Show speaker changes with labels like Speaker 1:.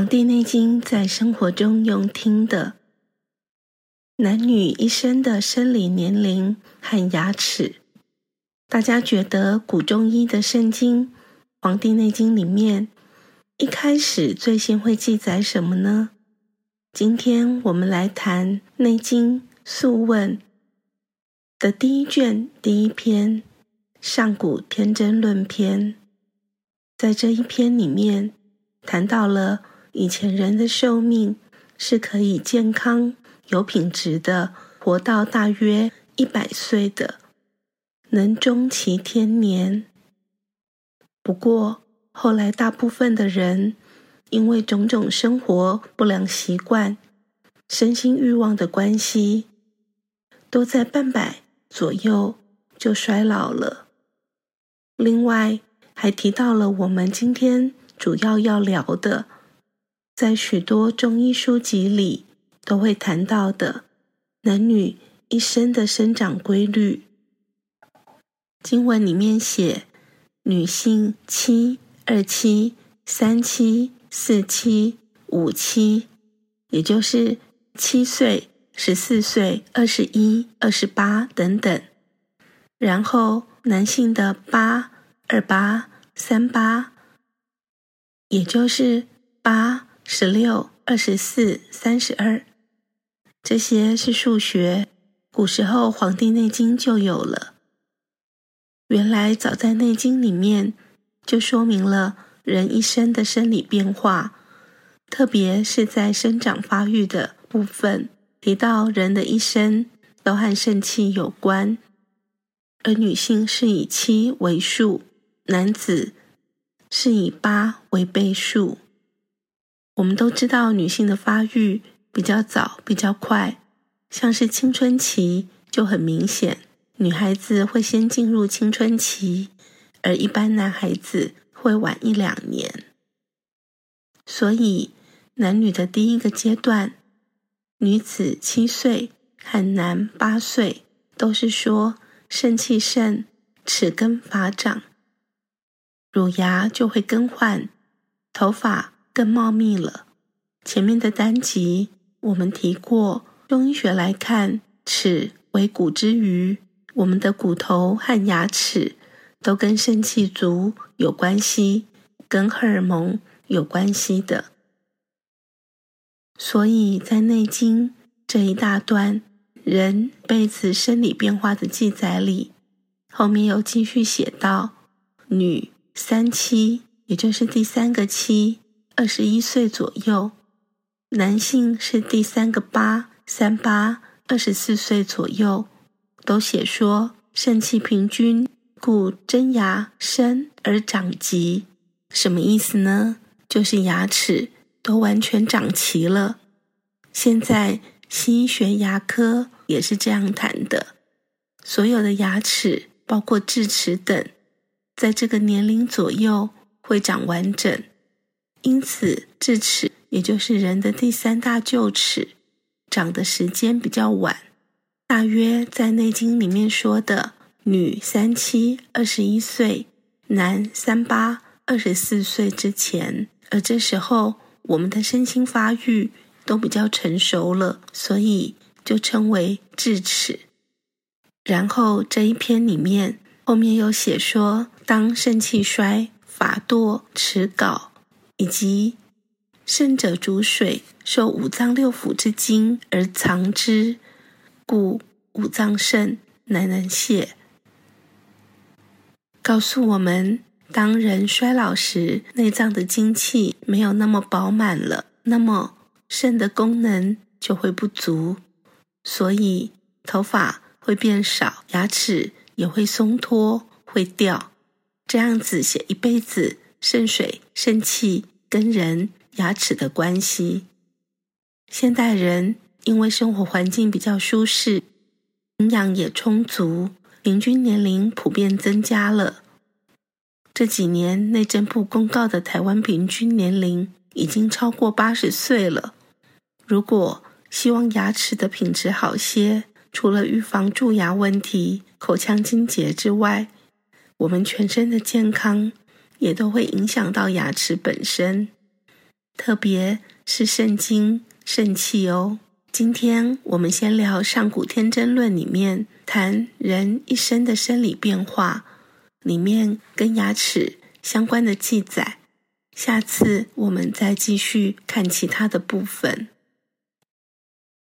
Speaker 1: 《黃帝內經》在生活中用聽的，男女一生的生理年齡和牙齒。大家覺得古中醫的聖經《黃帝內經》裡面，一開始最先會記載什麼呢？今天我們來談《內經素問》的第一卷第一篇《上古天真論篇》。在這一篇裡面，談到了。以前人的壽命是可以健康、有品質的活到大約一百歲的，能終其天年。不過後來大部分的人因為種種生活不良習慣、身心欲望的關係，都在半百左右就衰老了。另外還提到了我們今天主要要聊的。在許多中醫書籍裡都會談到的男女一生的生長規律。經文裡面寫，女性七二七三七四七五七，也就是七歲、十四歲、二十一、二十八等等。然後男性的八二八三八，也就是八。十六、二十四、三十二，這些是數學。古時候《黃帝內經》就有了。原來早在《內經》裡面就說明了人一生的生理變化，特別是在生長發育的部分，提到人的一生都和腎氣有關。而女性是以七為數，男子是以八為倍數。我們都知道，女性的發育比較早、比較快，像是青春期就很明顯。女孩子會先進入青春期，而一般男孩子會晚一兩年。所以，男女的第一個階段，女子七歲，和男八歲，都是說腎氣盛，齒更髮長，乳牙就會更換，頭髮更茂密了。前面的單集我們提過，中醫學來看，齒為骨之餘，我們的骨頭和牙齒都跟腎氣足有關係，跟荷爾蒙有關係的。所以在《內經》這一大段人一輩子生理變化的記載裡，後面又繼續寫道：女三七，也就是第三個七。二十一歲左右，男性是第三個八，三八，二十四歲左右。都寫說：「腎氣平均，故真牙生而長極」。什麼意思呢？就是牙齒都完全長齊了。現在西醫學牙科也是這樣談的，所有的牙齒，包括智齒等，在這個年齡左右會長完整。因此，智齒也就是人的第三大臼齒，長的時間比較晚，大約在《內經》裡面說的“女三七二十一歲，男三八二十四歲”之前。而這時候，我們的身心發育都比較成熟了，所以就稱為智齒。然後這一篇裡面後面又寫說：“當腎氣衰，髮墮齒槁。”以及腎者主水，受五臟六腑之精而藏之，故五臟盛，乃能瀉。」告訴我們，當人衰老時，內臟的精氣沒有那麼飽滿了，那麼腎的功能就會不足，所以頭髮會變少，牙齒也會鬆脫、會掉。這樣子寫一輩子，腎水、腎氣，跟人牙齒的關係，現代人因為生活環境比較舒適，營養也充足，平均年齡普遍增加了。這幾年內政部公告的台灣平均年齡已經超過八十歲了。如果希望牙齒的品質好些，除了預防蛀牙問題、口腔清潔之外，我們全身的健康。也都會影響到牙齒本身，特別是腎精、腎氣哦。今天我們先聊《上古天真論》裡面談人一生的生理變化，裡面跟牙齒相關的記載。下次我們再繼續看其他的部分。